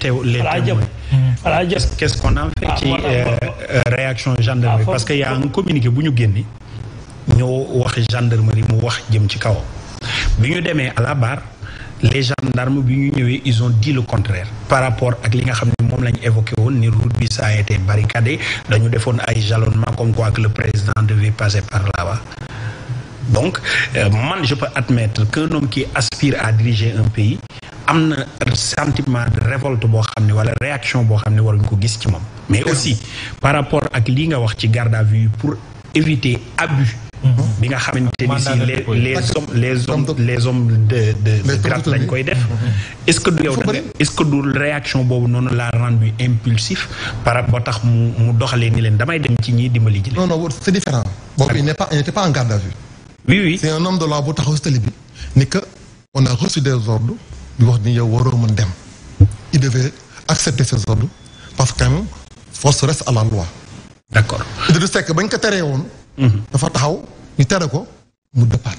témoins. voilà jërëjëf qu'est-ce qu'on en ah, euh, euh, ah, parce que y a communiqué bu ñu génne ñoo wax gendarmerie mu wax jëm ci kawam bi ñu demee à la les gendarmes bi ñu ñëwee ils ont dit le contraire par rapport ak li nga xam ne moom la ñu évoqué woon ni route bi ça été barricadé dañu defoon ay jalonnement comme quoi que le président devait passer par là-bas donc euh, man je peux admettre qu'un homme qui aspire à diriger un pays am na sentiment de révolte boo xam ne wala réaction boo xam ne waruñ ko gis ci moom mais aussi par rapport ak lii nga wax ci garde à vue pour éviter abus mhm. bi nga xamante ni si les les hommes les de de grade lañ koy def mhm. est ce que du réaction boobu noonu la rendu impulsif par rapport tax mu mu doxalee ni leen damay dem ci ñii dimbali ji boobu il n'est pas il de loi bu taxaw si tali bi ni que on a reçu des di wax ni yow waroo mën dem il devait accepter ces parce que quand même a reste à la loi. ko teree woon. dafa taxaw ñu tere ko mu dëppaat.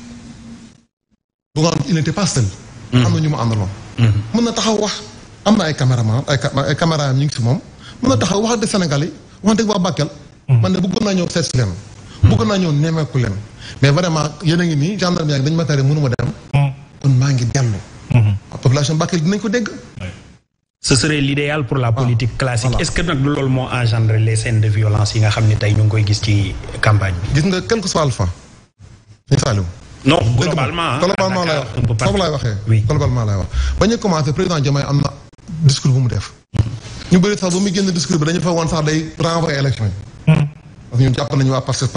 bu nga xam il n' était pas seul. Mm-hmm. am na ñu mu àndaloon. Mm-hmm. mën na taxaw wax am na ay caméraman ay ay caméra ñu ngi si moom mën na taxaw wax de Sénégal yi wax dëgg mm-hmm. man ne bëggoon naa ñëw seet si leen. bëggoon naa ñëw nemmeeku leen. mais vraiment yéen a ngi nii gendarmerie dañ ma tere mënu ma dem. kon maa ngi dellu. population Bakel dinañ ko dégg. ce serait l'idéal pour la politique classique. voilà est-ce que nag loolu moo engendré les scènes de violence yi nga xam ne tey ñu ngi koy gis ci campagne bi. gis nga quel que soit alpha. Saliou. non globalement globalement ah, laay wax foofu laay waxee. globalement laay wax ba ñu commencé président Diomaye am na discours bu mu def. ñu bëri sax ba muy génn discours bi dañu fa woon sax day renvoyer élection yi. Hmm. parce jàpp nañu waa parce que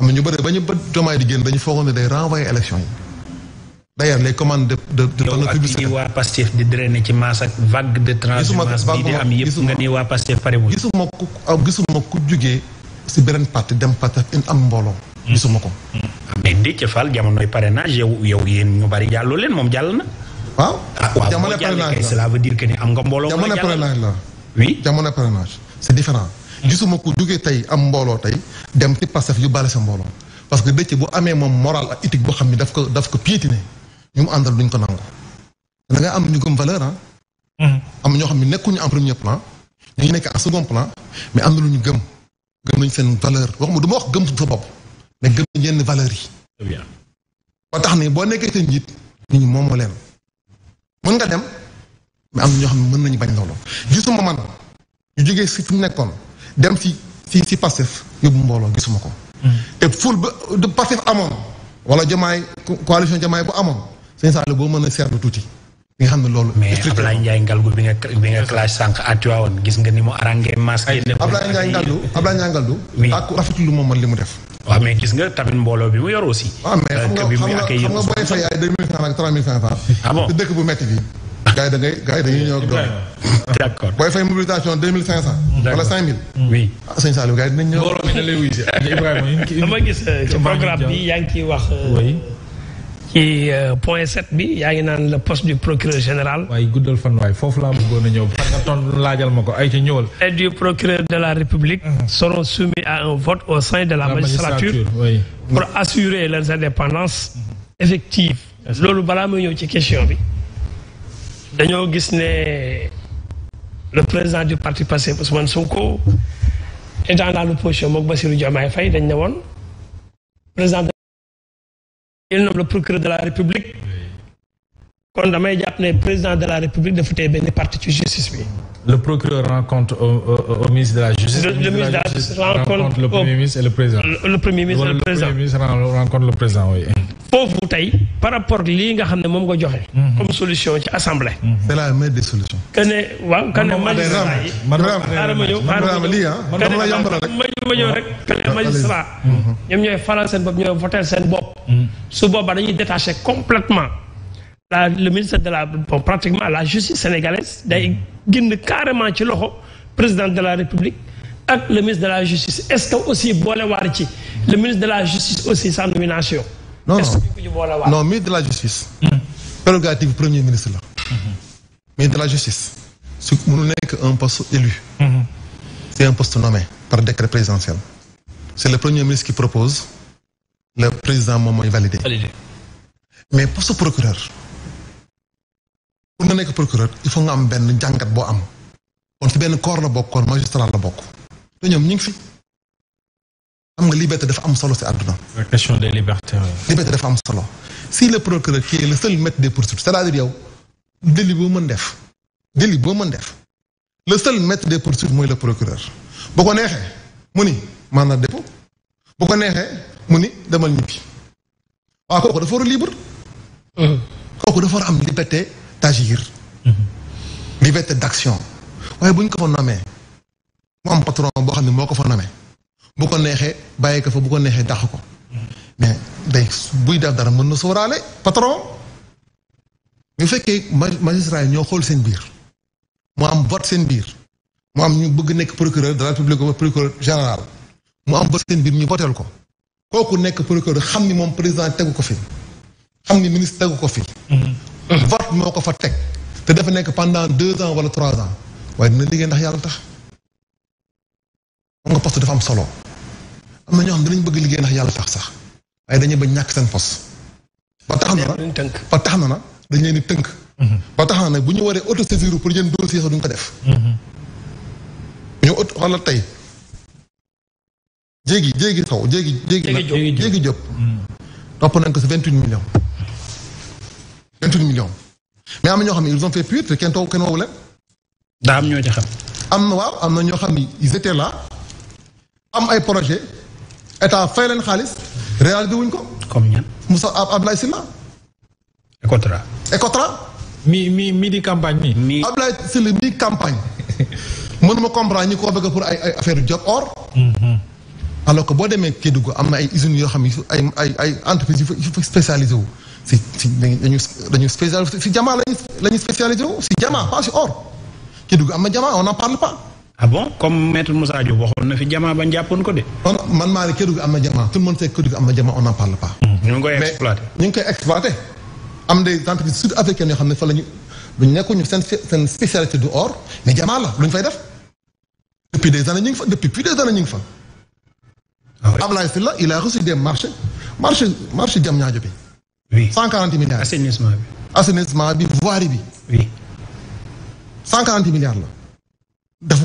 am na ñu bëri ba ñu bët jomaay di génn dañu foogoon ne day renvoyer élection yi d'ailleurs les commandes de de de panneau publicitaire yow ak waa Pastef di drainer ci masse ak vague de transhumance bi di am yëpp nga ni waa Pastef pare wu gisuma ku gisuma ku beneen parti dem Pastef in am mbooloo gisuma ko mm. mais Déthié Fall jamonoy parrainage yow yow yéen ñu bëri jàlloo leen moom jàll na waaw ah, jamono parrainage la cela veut dire que ni am nga mbooloo jamono parrainage la oui jamono parrainage différent gisuma ku jógee tey am mbooloo tey dem ci Pastef yu bale sa mbooloo parce que dëcc bu amee moom moral ak éthique boo xam ne daf ko daf ko piétiné ñu mu àndal duñ ko nangu. da nga am ñu gëm valeur ah. Mhm. am ñoo xam ne nekkuñu en premier plan ñu nekk en second plan mais am na lu ñu gëm gëm nañ seen valeur waxuma du ma wax gëm sa bopp mais gëm nañ yenn valeur yi. ba tax ni boo nekkee seen njiit nit moom moomoo leen mën nga dem mais am na ñoo xam ne mën nañu bañ loolu gisuma man ñu jógee si fi mu nekkoon. dem si si si Pastef yóbbu mbooloo suma ko. Hmm. te ful ba du Pastef amoon wala jamaay coalition jamaay bu amoon sëñ Saliou boo mën a seetlu tuuti. nga xam ne loolu. mais Ablaye Ndiaye Ngalgu bi nga bi nga clash sànq atiwaawoon gis nga ni mu arrangé masque yi. Ablaye Ndiaye Ngalgu Ablaye Ndiaye moom li mu def. waaw mais gis nga tamit mbooloo bi mu yor aussi. mais euh, xam nga xam nga booy fay ay deux mille francs ak trois mille francs. ah bon dëkk bu métti gars yi da ngay gars yi dañuy ñëw ak doole. d' accord booy fay mobilisation deux cinq cent. wala cinq mille. Ah, gis euh, ci programme bi yaa ngi ciy wax. Euh, oui. Euh, naan le poste du procureur général. waaye guddal fan waay foofu laa bëggoon a ñëw parce que tontu laajal ma ko ay ci ñëwal. et du procureur de la République. Mm-hmm. seront soumis à un vote au sein de la. magistrature pour assurer leurs indépendances mm-hmm. effectives. loolu balaa muy ñëw ci question bi. dañoo gis ne le président du parti Pastef Ousmane Sonko étant dans l'opposition mook Bassirou Diomaye fay dañ ne woon président il nomme le de la République kon damay jàpp ne président de la république dafa tey benn parti ci justice bi. le procureur rencontre au, ministre de la justice. rencontre le premier ministre et le président. le premier ministre et le président le premier ministre rencontre le président oui. foofu tey par rapport ak nga xam ne moom nga joxe. Mm-hmm. comme solution ci assemblée. Mm-hmm. c'est la meilleure des solutions. yi. madame ah. mm-hmm. ñoom ñooy faral seen bopp ñooy voter seen bopp. su boobaa dañuy détacher la le ministre de la bon pratiquement la justice sénégalaise day génn carrément ci loxo président de la république ak le ministre de la justice est-ce que aussi boole waar ci le ministre de la justice aussi sans nomination. non ñu boole waar non ministre de la justice. prérogative premier ministre la. ministre de la justice. su mënu nekk un poste élu. c'est un poste nommé par décret présidentiel. c'est le premier ministre qui propose. le président moom mooy validé. validé pour nga nekk procureur il faut nga am benn jàngat boo am kon ci benn corps la bokk kon magistrat la bokk te ñoom ñu am nga liberté dafa am solo si àdduna. la question des libertés. liberté dafa am solo si le procureur qui est le seul maître des yow délit boo mën def délit boo mën def le seul maître des poursuites mooy le procureur boo ko neexee mu ni mandat dépôt bu ko neexee mu ni demal ñibbi waaw kooku dafa war a mm-hmm. liberté. d'agir mm-hmm. liberté d'action waaye bu ñu ko fa nomee mu am patron boo xam ne moo ko fa nomee bu ko neexee bàyyi ko fa bu ko neexee dàq ko mm-hmm. mais day buy def dara mën na sóoraale patron ñu fekkee magistrat yi ñoo xool seen biir mu am vote seen biir mu am ñu bëgg nekk procureur de la République procureur général mu am vote seen biir ñu voteel ko kooku nekk procureur xam ni moom président tegu ko fi xam ni ministre tegu ko fii mm-hmm. vote moo ko fa teg. te dafa nekk pendant deux ans wala trois ans waaye dina liggéey ndax yàlla tax. xam nga am solo. am na ñoo bëgg liggéey ndax yàlla tax sax waaye dañuy bañ ñàkk seen pos ba tax na ba tax na na dañ leen di tënk. Mm-hmm. ba tax na nag bu ñu waree autosaisir pour jël dossier sax duñ ko def. Mm-hmm. ñu auto xoolal tey. jéegi jéegi saw jéegi. jéegi jéegi jóg topp nañ ko si vingt-huit millions. vingt huit millions mais am na ñoo xam ne ils ont fait pire te kenn daa am ñoo ci xam. am na waaw am na ñoo xam ni ils étaient am ay projet état fay leen xaalis réalisé wuñ ko. comme ñan Moussa Abdoulaye Sylla. Ecotra. mi mi mi di campagne mi. mi Abdoulaye Sylla mi campagne mënuma comprendre ñi ko bëgg pour ay ay affaire job or. Mhm. alors que boo demee Kédougou am na ay usines yoo xam ne ay ay ay entreprises yu fa yu fa spécialisé wu. si si dañu dañu spécialisé si jamaa lañu lañu spécialisé wu si jamaa pas si or kii dugg am na jamaa on n'en parle pas. ah comme maître Moussa Diop waxoon na fi jamaa ba jàppoon ko de. man maa ne Kédougou am na jamaa tout le monde sait Kédougou am na jamaa on n'en parle pas. ñu yoo xam ne fa la ñu lu nekkuñu seen seen spécialité du or mais jamaa la lu fay def. depuis des années ñu ngi fa depuis plus des années ñu ngi fa. Ah Ablaye Sylla il a reçu des marchés marché marché Diamniadio bi. oui cent quarante milliards. assainissement bi. assainissement bi voirie bi. oui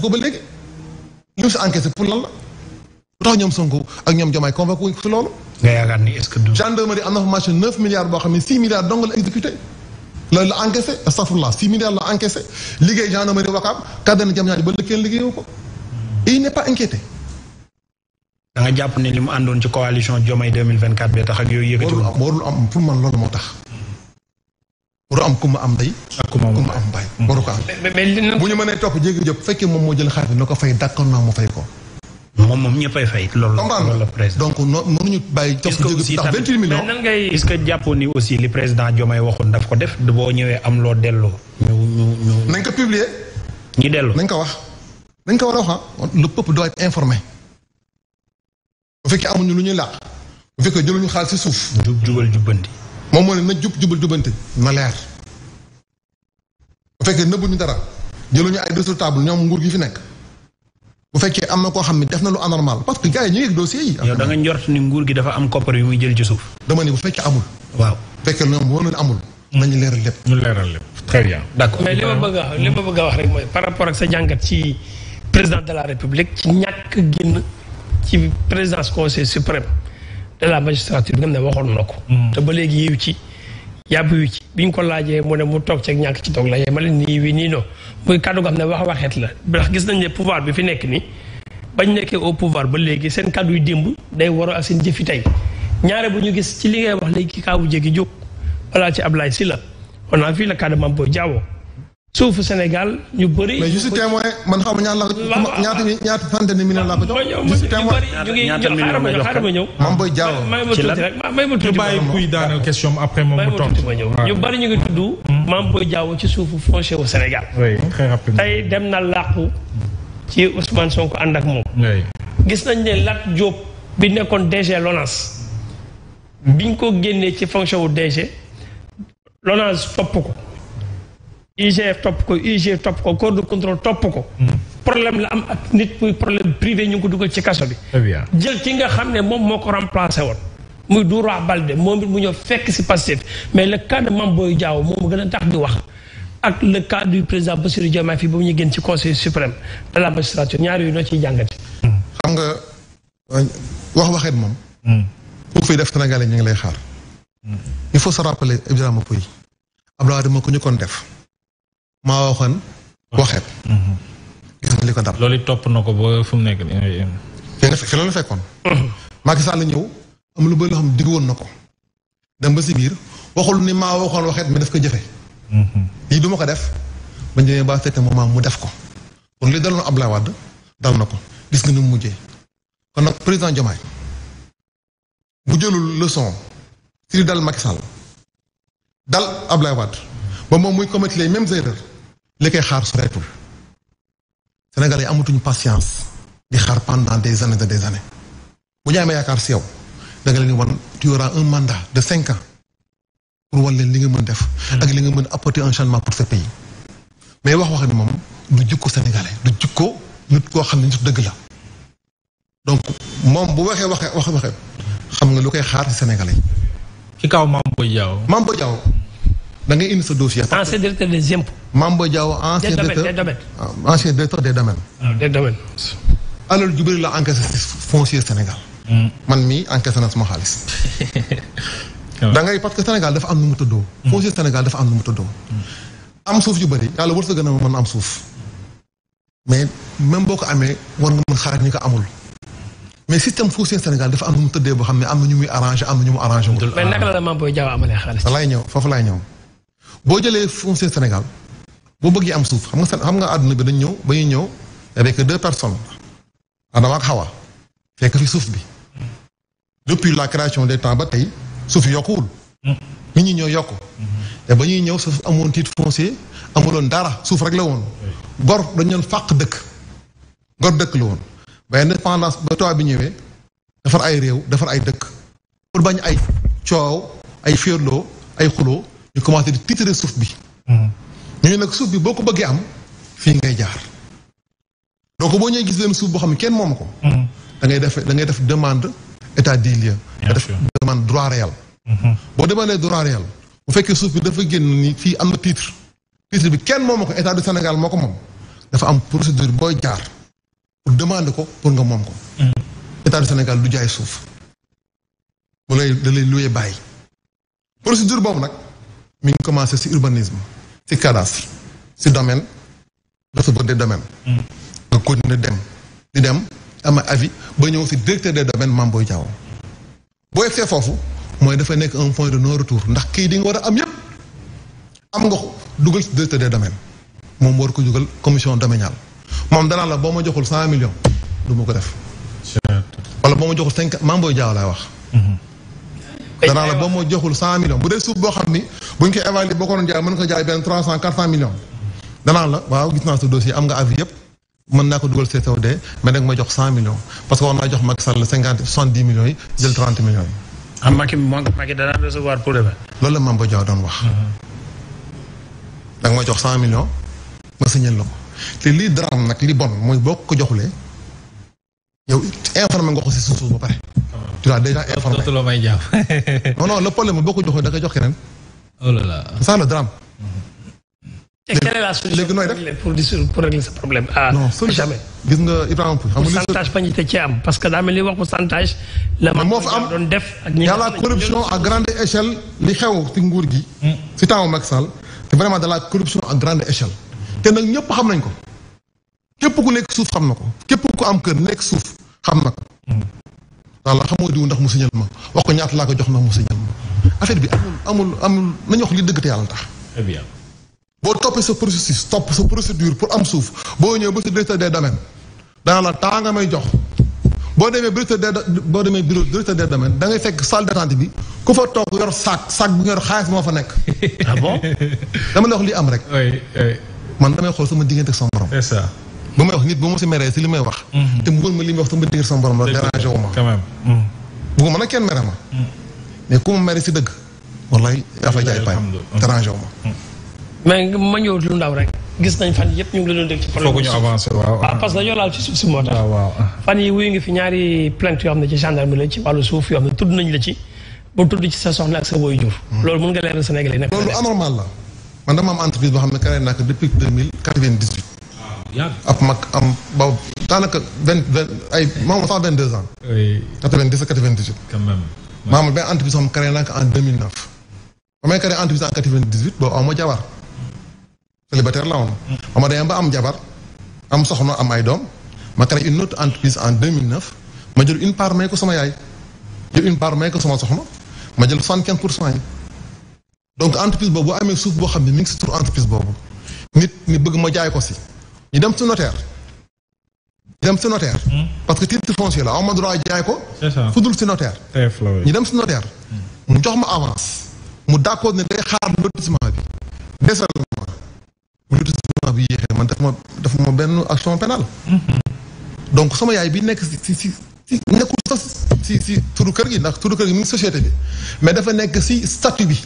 ko ba léegi. ñu ngi si enquête pour lan la. lu tax ñoom Sonko ak ñoom Diomaye convoqué wu si loolu. nga yaakaar na fa marché milliards boo xam ne six milliards dong la exécuté. la la encaissé milliards la encaissé liggéey gendarmerie Wakaam kàddu na jam ñaari ba léegi kenn liggéeyoo ko. il n'est pas inquiété. da jàpp ne li mu àndoon ci coalition Diomaye 2024 bee tax ak yooyu yëkkati. warul pour am ku ma am day ak ku ma am bay waru ko am. bu ñu mënee topp jéggi jëpp fekkee moom moo jël xaalis na ko fay d'accord naa mu fay ko. moom moom ñëppay fay. loolu la président donc non mënuñu bàyyi. est ce que aussi tamit mais nan ngay est ce que jàppoon ni aussi li président Diomaye waxoon daf ko def boo ñëwee am loo delloo. ñu ñu ñu. nañ ko publier. ñu delloo nañ ko wax. nañ ko war a wax le peuple doit être informé. bu fekkee amuñu lu ñuy làq bu fekkee jëluñu xaalis si suuf. jub jubal jubbanti. moom moo ne na jub jubal jubbanti na leer. bu fekkee nëbbuñu dara jëluñu ay résultat bu ñoom nguur gi fi nekk. bu fekkee am na koo xam ne def na lu anormal parce que gars yi ñu yëg dossier yi. yow da nga njort ni nguur gi dafa am koppar yu muy jël ci suuf. dama ne bu fekkee amul. waaw bu fekkee ñoom war na amul. Hmm. nañu leeral lépp. ñu leeral lépp très bien. d'accord li ma bëgg a li ma bëgg a wax rek mooy par rapport ak sa jàngat ci président de la république ci ñàkk génn ci présidence conseil suprême de la magistrature bi nga xam ne waxoon na ko. Mm. te ba léegi yéew ci yàpp yu ci bi ñu ko laajee moo ne mu toog ceeg ñàkk ci toog la yee ma leen nii wii nii non muy kàddu goo xam ne wax waxeet la ndax gis nañ ne pouvoir bi fi nekk nii bañ nekkee au pouvoir ba léegi seen kàddu yu démb day waroo ak seen jëfi tey ñaare bu ñu gis ci li ngay wax léegi kaawu jéggi jóg wala ci ab Ablaye Sylla on a vu le cas de Mambo Diawo suufu Sénégal ñu bëri. mais je man xaw ma ñaata la ñaata ñaata centaine de millions laa ko jox. je suis ñu ngi tudd. Mame Boye ci suufu foncé au Sénégal. oui très rapidement tey dem na làqu ci Ousmane Sonko ànd moom. gis nañ ne Lat Diop bi nekkoon DG LONASE biñ ko génnee ci fonction wu DG LONASE topp ko. IGF topp ko UG topp ko corps de contrôle topp ko. Hmm. problème la am ak nit muy problème privé ñu ngi ko dugal ci kaso bi. jël ki nga xam ne moom moo ko remplacé woon. muy Doura Balde moom it mu ñëw fekk si Pastef mais le cas de Mame Boye Diao moom gën a tax di wax ak le cas du président Bassirou Diomaye fii ba mu ñu génn ci conseil suprême de la magistrature ñaar yooyu noo ciy jàngate. Hmm. xam nga euh, wax waxeet moom. Hmm. ku fi def Sénégalais ñu ngi lay xaar. il faut def. maa waxoon waxeet. gis nga li ko dal. loolu topp na ko ba fu mu nekk nii. fi loolu fekkoon. Macky Sall ñëw am lu bëri loo xam digg na ko dem ba si biir waxul ni maa waxoon waxeet mais daf ko jëfe lii du ma ko def ba ñëwee ba fekk moment mu def ko kon li daloon na ko gis nga mu mujjee kon nag président Diomaye bu jëlul leçon si li dal Macky Sall dal Abdoulaye Wade ba moom muy commettre les mêmes erreurs li koy xaar soreetul Sénégalais yi amatuñu patience di xaar pendant des années de des années bu ñu amee yaakaar si yow da nga leen di wan tu auras un mandat de cinq ans pour wan leen li nga mën def. ak li nga mën apporter un changement pour ce pays. mais wax wax ni moom du jikko sénégalais du jikko nit koo xam ne nit dëgg la donc moom bu waxee waxee waxe waxe xam nga lu koy xaar si sénégalais. ci kaw Mame Boye Diao. Mame Boye Diao. da indi sa dossier. ancien directeur des impôts. Mame Boye Diao ah, ancien directeur des domaines ancien ah, directeur des domaines. waaw des alal ju la encaissé foncier Sénégal. Hmm. man mii encaissé na sama xaalis. da ngay parce que Sénégal dafa am nu mu tëddoo. Hmm. foncier Sénégal dafa am nu mu tëddoo. Hmm. suuf ju bëri yàlla wërsëg na mën am am nu tëddee boo xam ne am na ñu muy arrangé am na ñu mu arrangé wul. mais naka la ñëw foofu laay ñëw. boo jëlee foncier Sénégal boo bëggee am suuf xam nga xam nga àdduna bi dañ ñëw ba ñuy ñëw avec deux personnes Adama ak Hawa fekk fi suuf bi depuis la création des temps ba tey suuf yokkuwul. nit ñi ñoo yokk. te ba ñuy ñëw suuf amoon titre foncier amuloon dara suuf rek la woon. gor dañu doon fàq dëkk. gor dëkk la woon. ba indépendance ba tubaab bi ñëwee defar ay réew defar ay dëkk. pour bañ ay coow ay féerloo ay xuloo ñu commencé di titre suuf bi. ñooñu hmm. nag suuf bi boo ko bëggee am fii ngay jaar. donc boo ñëwee gis leen suuf boo xam ne kenn moom ko. Hmm. da ngay def da ngay def demande état des lieux. nga def demande droit réel. Hmm. boo demandee droit réel bu fekkee suuf bi dafa génn ni fii am na titre. titre bi kenn moom ko état du Sénégal moo ko moom dafa am procédure booy jaar pour ko pour nga moom ko. état du Sénégal du jaay suuf. bu lay da lay luwee bàyyi. procédure boobu nag. mi ngi commencé si urbanisme si cadastre si domaine receveur des domaines mm. dem di dem am avis ba ñëw si directeur des domaines Mame Boye Diao boo yegsee foofu mooy dafa nekk un point de non retour ndax kii di nga war a am yépp am nga ko dugal si directeur des domaines moom war ko dugal commission domaniale moom danaa la boo ma joxul cent millions du ma ko def wala boo ma joxul cinq Mame Boye Diao laay wax mm-hmm. danaa la boo ma joxul cent bu dee suuf boo xam ni buñ ko évalué boo ko doon jaay mën nga ko jaay benn trois cent quatre cent millions. danaa la waaw gis naa sa dossier am nga avis yëpp mën naa ko dugal CCOD mais nag ma jox cent millions parce que war naa jox Macky Sall cinquante soixante dix millions yi jël trente millions yi. ah Macky Macky danaa recevoir pour loolu la Mame Boye doon wax. da mm-hmm. ma jox cent million ma signal la ko te lii drame nag li bon mooy boo ko joxulee yow informé nga ko si suuf ba pare. Ah. tu l'as déjà informé. non non problème boo ko joxee da nga jox keneen. la solution léegi nooy def pour pour régler ce problème gis nga Ibrahima Pouy. xam a ci am parce que daa ni wax pourcentage. la moo fa am doon def ak ñi nga la corruption à grande échelle. li xew ci nguur gi. Mm. ci temps Macky Sall. te vraiment la corruption ak grande échelle. te nag ñëpp xam nañ ko. képp ku nekk suuf xam na ko. képp ku am kër nekk suuf xam na ko. Mm. voilà xamoo diw ndax mu signal ma wax ko ñaata laa ko jox ndax mu signal ma. affaire bi amul amul amul nañu wax li dëgg te yàlla tax. Eh boo toppee sa processus topp sa procédure pour am suuf boo ñëwee ba si directeur des domaines dana la temps nga may jox boo demee directeur des boo demee bureau directeur des domaines da ngay fekk salle d'attente bi ku fa toog yor saak saak bu nga yor xaalis moo fa nekk. ah bon dama la wax li am rek. man damay xool sama diggante ak sama borom. c'est ça. ba may wax nit bu ma si meree si li may wax. Mhm. te mu gën ma li may wax sama diggante sama borom la dérangé ma. quand même. Mhm. ma ku mu mere si dëgg wallahi dafay jaay paay dérangé hmm. ma ñëw lu ndaw rek gis nañ fan yëpp ñu ngi la doon dégg ci problème foofu ñu avancé waaw ah, parce que dañoo laal ci suuf moo tax fan yi wuyu ngi fi ñaari plainte yoo xam ne ci gendarme la ci wàllu suuf yoo nañ la ci ba tudd ci sa soxna ak sa woyu jur hmm. loolu mun nga leeral Sénégalais yi loolu anormal la man dama entreprise boo xam ne créé naa ko depuis deux quatre-vingt-dix-huit am ba daanaka vingt vingt ay moom sax vingt deux ans quatre-vingt-dix maa amul benn entreprise xam créé naa ko en 2009. ba may créé entreprise en 98 boobu amoo jabar. célibataire la woon. Mm. ma am jabar am soxna am ay doom ma créé une autre entreprise en 2009 ma jël une part may ko sama yaay jël une part may ko sama soxna ma jël 75 pour cent yi. donc entreprise boobu boo amee suuf boo xam ne mi ngi si tur entreprise boobu nit ñi bëgg ma jaay ko si ñu dem si notaire. dem si notaire. Hmm? parce que titre foncier la aw ma droit jaay ko. fudul si notaire. ñu dem si notaire. Hmm. mu jox ma avance. mu d' accord ne day xaar lotissement bi. desal ma bu lotissement bi yéexee man daf ma daf ma benn action pénale. Hmm. donc sama yaay bi nekk si si si nekkul sax si si turu kër gi ndax turu kër gi mu ngi société bi mais dafa nekk si statut bi.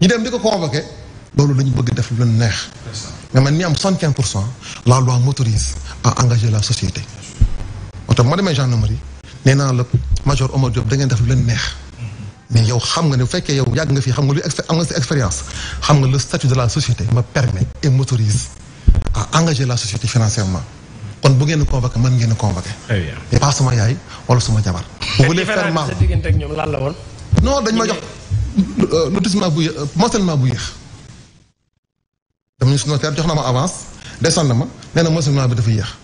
ñu dem di ko convoqué. loolu la bëgg def lu neex. mais man mi am soixante quinze pour cent la loi m'autorise à engager la société. moo tax ma demee gendarmerie nee naa la major Omar Diop dangeen def lu leen neex. mais yow xam nga ni bu fekkee yow yàgg nga fi xam nga lu am nga si expérience xam nga le statut de la société ma permet et m'autorise à engager la société financièrement. kon bu ngeen convoqué man ngeen convoqué. très bien mais sama yaay wala suma jabar. bu bu leen faire mal sa diggante ak ñoom lan la ma jox euh, lotissement bu yéex euh, morcellement bu dem nañu si jox na ma avance descend na ma nee na mosalement bi dafa yéex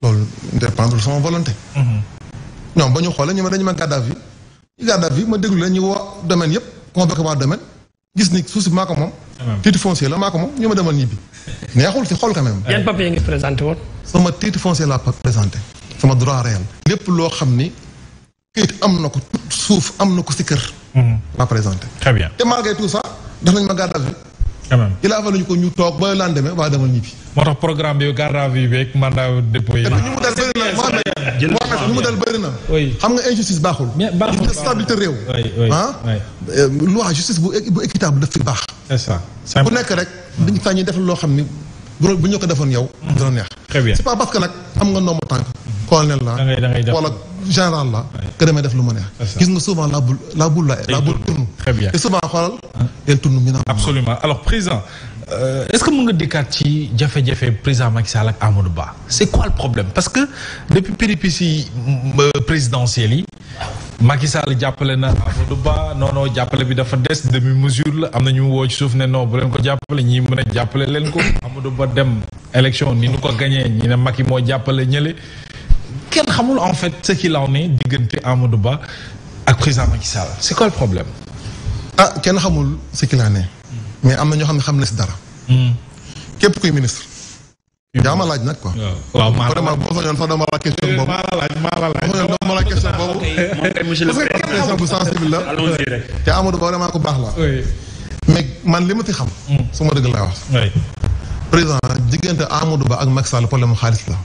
loolu dépendre sama volonté. Mm-hmm. ñoom ba ñu xoolee ñu ma dañu ma garde à vue ñu garde à vue ma déglu leen ñu woo domaine yëpp convoqué waa domaine gis ni suuf si maa ko moom. Ah, titre foncier la maa ko moom ñu ma demal ñibbi. neexul si xool quand même. yan papier présenté woon. sama foncier laa présenté. sama droit réel. lépp loo xam ni kayit am na ko suuf am na ko si kër. Mm-hmm. laa présenté. très bien te tout ça def nañ ma quand même il a fallu ko ñu toog ba lendemain waa demal ñibbi. moo tax programme bi garde à vue beeg mandat dépôt yi. ñu mu dal bëri na Mohamed ñu mu dal bëri na. xam nga injustice baaxul. baaxul stabilité réew. Ah? Euh, justice bu bu équitable daf fi baax. bu nekk rek. dañu sañ def loo xam ni bu bu ñu ko defoon yow. dina neex. c'est pas parce nag am nga ndombo tànk. colonel la wala. général la que def lu ma ne gis nga souvent la boule la boule la la boule tourne et souvent xoolal elle tourne mi na absolument alors président euh, ce que mën nga dikkaat ci jafe-jafe président Macky Sall ak Amadou Ba c'est quoi parce que depuis péripéties euh, présidentielles yi Macky Sall jàppale na Amadou Ba non non bi dafa des demi mesure la am na woo ci suuf ne non bu leen ko jàppale ñi jàppale leen ko Amadou Ba dem ni nu ko gañee ñi ne moo jàppale ñële kenn xamul en fait ce qu'il en est diggante Amadou Ba ak président Macky c'est quoi le problème. Ah, xamul ce qu'il en est. mais am na ñoo xam ne xam na si dara. Hmm. képp kuy ministre. Hmm. yaa ma laaj nag ko waaw maa la laaj boo sañoon sax dama la question la boobu. bu te Amadou Ba vraiment baax la. mais man li ma ti xam. Hmm. su ma dëgg laa wax. président diggante Amadou Ba ak Macky Sall problème xaalis la.